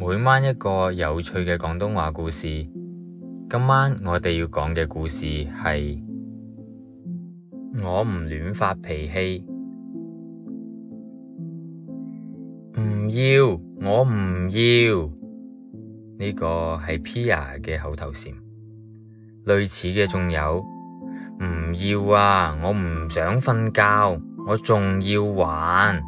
每晚一個有趣嘅廣東話故事，今晚我哋要講嘅故事係我唔亂發脾氣。唔要我唔要，呢個係 Pia 嘅口頭禪。類似嘅仲有唔要啊，我唔想瞓覺，我仲要玩，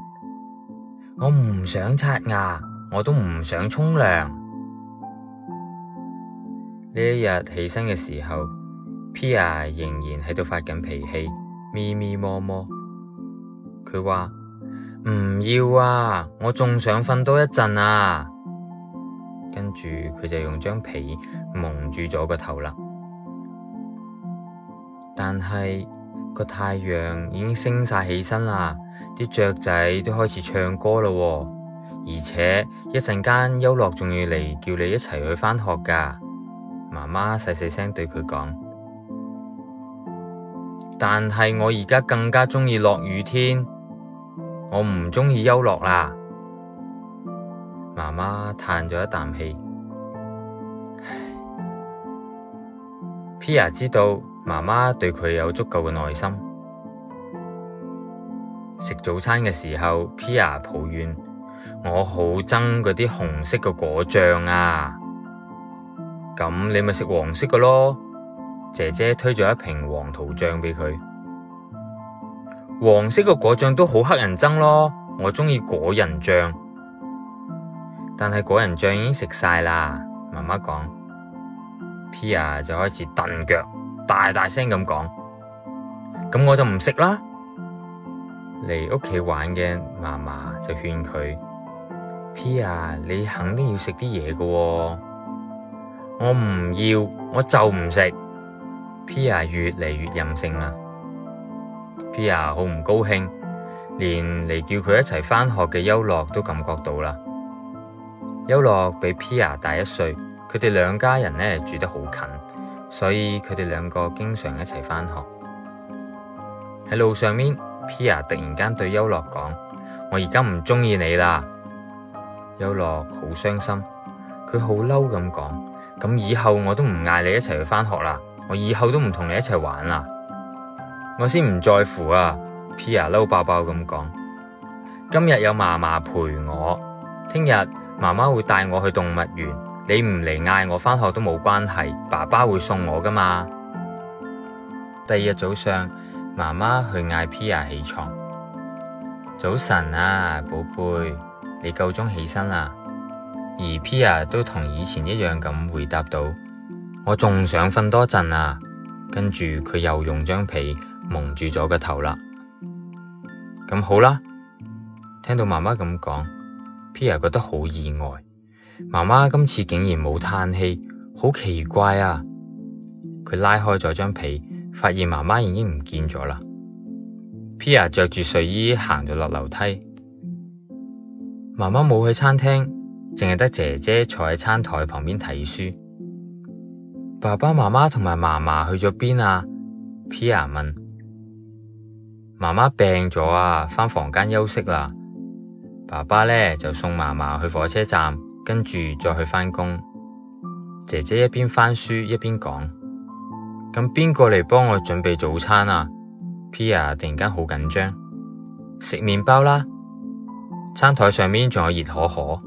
我唔想刷牙。我都唔想沖涼。呢一日起身嘅時候，Pia 仍然喺度發緊脾氣，咪咪摸摸。佢話唔要啊，我仲想瞓多一陣啊。跟住佢就用張被蒙住咗個頭啦。但係個太陽已經升晒起身啦，啲雀仔都開始唱歌咯喎。而且一陣間優樂仲要嚟叫你一齊去返學㗎，媽媽細細聲對佢講。但係我而家更加鍾意落雨天，我唔鍾意優樂啦。媽媽嘆咗一啖氣。Pia 知道媽媽對佢有足夠嘅耐心。食早餐嘅時候，Pia 抱怨。我好憎嗰啲紅色嘅果醬啊！咁你咪食黃色嘅咯。姐姐推咗一瓶黃桃醬畀佢，黃色嘅果醬都好乞人憎咯。我中意果仁醬，但係果仁醬已經食晒啦。媽媽講，Pia 就開始蹬腳，大大聲咁講，咁我就唔食啦。嚟屋企玩嘅嫲嫲就勸佢。Pia，你肯定要食啲嘢嘅。我唔要，我就唔食。Pia 越嚟越任性啦。Pia 好唔高興，連嚟叫佢一齊返學嘅優樂都感覺到啦。優樂比 Pia 大一歲，佢哋兩家人呢，住得好近，所以佢哋兩個經常一齊返學。喺路上面，Pia 突然間對優樂講：我而家唔鍾意你啦。有樂好傷心，佢好嬲咁講：，咁以後我都唔嗌你一齊去返學啦，我以後都唔同你一齊玩啦，我先唔在乎啊！Pia 嬲爆爆咁講：，今日有嫲嫲陪我，聽日媽媽會帶我去動物園，你唔嚟嗌我返學都冇關係，爸爸會送我噶嘛。第二日早上，媽媽去嗌 Pia 起床，早晨啊，寶貝。你夠鐘起身啦，而 Pia 都同以前一樣咁回答到： 我仲想瞓多陣啊！跟住佢又用張被蒙住咗個頭啦。咁、嗯、好啦，聽到媽媽咁講，Pia 覺得好意外。媽媽今次竟然冇嘆氣，好奇怪啊！佢拉開咗張被，發現媽媽已經唔見咗啦。Pia 着住睡衣行咗落樓梯。媽媽冇去餐廳，淨係得姐姐坐喺餐台旁邊睇書。爸爸媽媽同埋嫲嫲去咗邊啊？Pia 問。媽媽病咗啊，返房間休息啦。爸爸呢就送嫲嫲去火車站，跟住再去返工。姐姐一邊翻書一邊講：咁邊個嚟幫我準備早餐啊？Pia 突然間好緊張。食麵包啦。餐台上面仲有熱可可，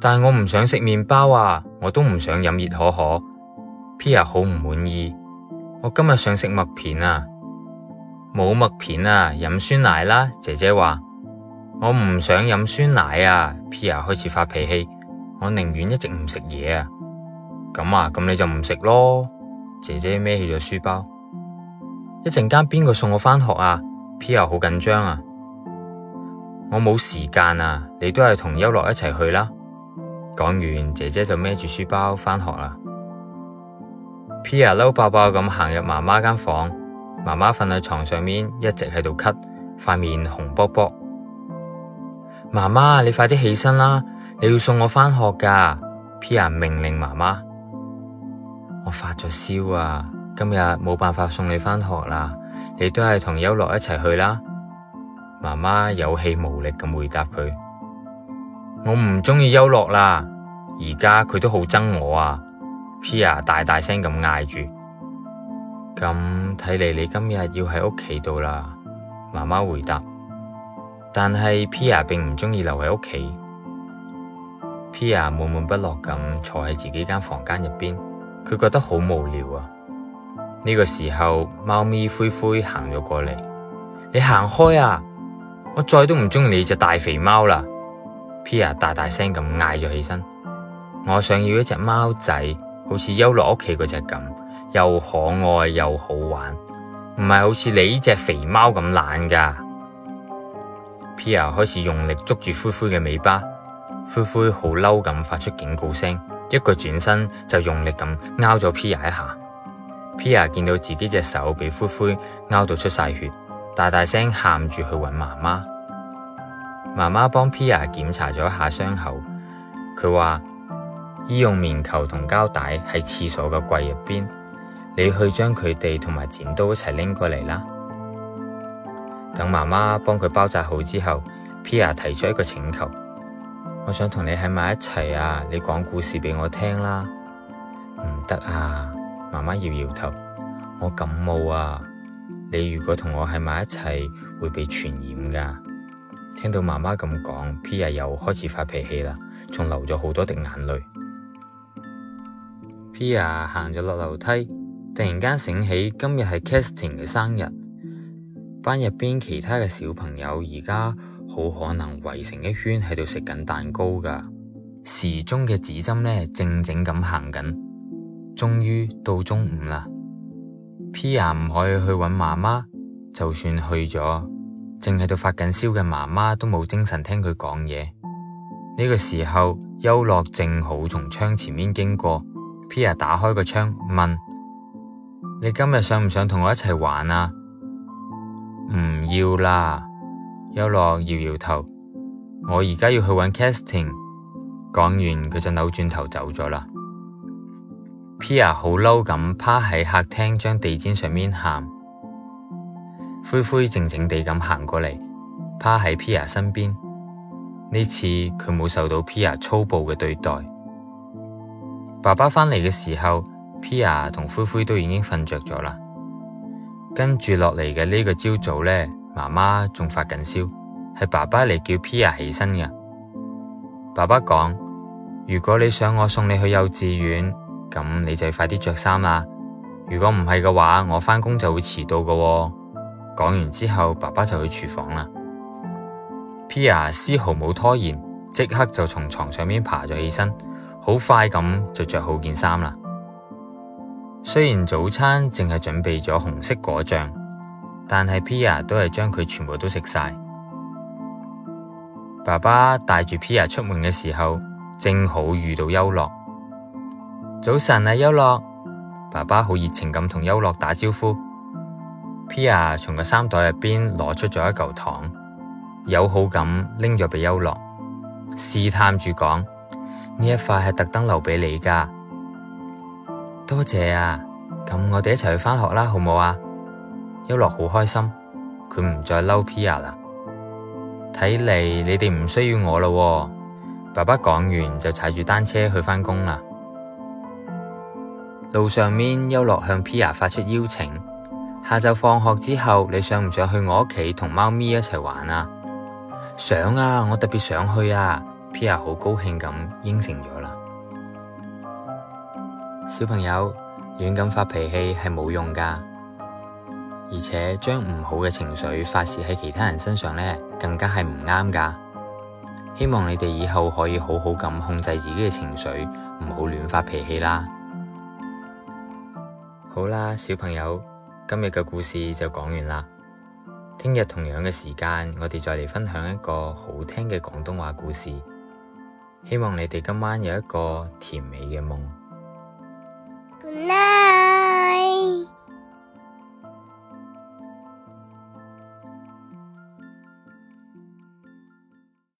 但係我唔想食麵包啊，我都唔想飲熱可可。Pia 好唔滿意，我今日想食麥片啊，冇麥片啊，飲酸奶啦。姐姐話，我唔想飲酸奶啊，Pia 開始發脾氣，我寧願一直唔食嘢啊。咁啊，咁你就唔食咯。姐姐孭起咗書包，一陣間邊個送我返學啊？Pia 好緊張啊。我冇時間啊，你都係同優樂一齊去啦。講完，姐姐就孭住書包返學啦。Pia 嬲爆爆咁行入媽媽間房，媽媽瞓喺床上面，一直喺度咳，塊面紅卜卜。媽媽，你快啲起身啦，你要送我返學噶。Pia 命令媽媽。我發咗燒啊，今日冇辦法送你返學啦，你都係同優樂一齊去啦。媽媽有氣無力咁回答佢：我唔鍾意休樂啦，而家佢都好憎我啊！Pia 大大聲咁嗌住。咁睇嚟，你今日要喺屋企度啦。媽媽回答。但係 Pia 並唔鍾意留喺屋企。Pia 悶悶不樂咁坐喺自己間房間入邊，佢覺得好無聊啊。呢、這個時候，貓咪灰灰行咗過嚟，你行開啊！我再都唔中意你隻大肥貓啦！Pia 大大聲咁嗌咗起身，我想要一隻貓仔，好似優樂屋企嗰隻咁，又可愛又好玩，唔係好似你呢隻肥貓咁懶噶。Pia 開始用力捉住灰灰嘅尾巴，灰灰好嬲咁發出警告聲，一個轉身就用力咁咬咗 Pia 一下。Pia 見到自己隻手被灰灰咬到出晒血。大大聲喊住去搵媽媽，媽媽幫 Pia 檢查咗下傷口，佢話醫用棉球同膠帶喺廁所嘅櫃入邊，你去將佢哋同埋剪刀一齊拎過嚟啦。等媽媽幫佢包紮好之後，Pia 提出一個請求，我想同你喺埋一齊啊，你講故事俾我聽啦。唔得啊，媽媽搖搖頭，我感冒啊。你如果同我喺埋一齊，會被傳染噶。聽到媽媽咁講，Pia 又開始發脾氣啦，仲流咗好多滴眼淚。Pia 行咗落樓梯，突然間醒起今日係 Casting 嘅生日，班入邊其他嘅小朋友而家好可能圍成一圈喺度食緊蛋糕噶。時鐘嘅指針呢，靜靜咁行緊，終於到中午啦。Pia 唔可以去揾媽媽，就算去咗，淨喺度發緊燒嘅媽媽都冇精神聽佢講嘢。呢個時候，優樂正好從窗前面經過，Pia 打開個窗，問：你今日想唔想同我一齊玩啊？唔要啦，優樂搖搖頭，我而家要去揾 Casting。講完佢就扭轉頭走咗啦。Pia 好嬲咁趴喺客廳，張地毯上面喊。灰灰靜靜地咁行過嚟，趴喺 Pia 身邊。呢次佢冇受到 Pia 粗暴嘅對待。爸爸返嚟嘅時候，Pia 同灰灰都已經瞓着咗啦。跟住落嚟嘅呢個朝早呢，媽媽仲發緊燒，係爸爸嚟叫 Pia 起身嘅。爸爸講：如果你想我送你去幼稚園咁你就快啲着衫啦！如果唔係嘅話，我返工就會遲到㗎喎。講完之後，爸爸就去廚房啦。Pia 絲毫冇拖延，即刻就從床上面爬咗起身，好快咁就着好件衫啦。雖然早餐淨係準備咗紅色果醬，但係 Pia 都係將佢全部都食晒。爸爸帶住 Pia 出門嘅時候，正好遇到優樂。早晨啊，優樂。爸爸好熱情咁同優樂打招呼。Pia 從個衫袋入邊攞出咗一嚿糖，友好咁拎咗畀優樂，試探住講，呢一塊係特登留畀你噶。多謝啊，咁我哋一齊去返學啦，好唔好啊？優樂好開心，佢唔再嬲 Pia 啦。睇嚟你哋唔需要我咯喎。爸爸講完就踩住單車去返工啦。路上面，優樂向 Pia 發出邀請：下晝放學之後，你想唔想去我屋企同貓咪一齊玩啊？想啊，我特別想去啊！Pia 好高興咁應承咗啦。 小朋友亂咁發脾氣係冇用噶，而且將唔好嘅情緒發泄喺其他人身上呢，更加係唔啱噶。希望你哋以後可以好好咁控制自己嘅情緒，唔好亂發脾氣啦。好啦，小朋友，今日嘅故事就講完啦。聽日同樣嘅時間，我哋再嚟分享一個好聽嘅廣東話故事。希望你哋今晚有一個甜美嘅夢。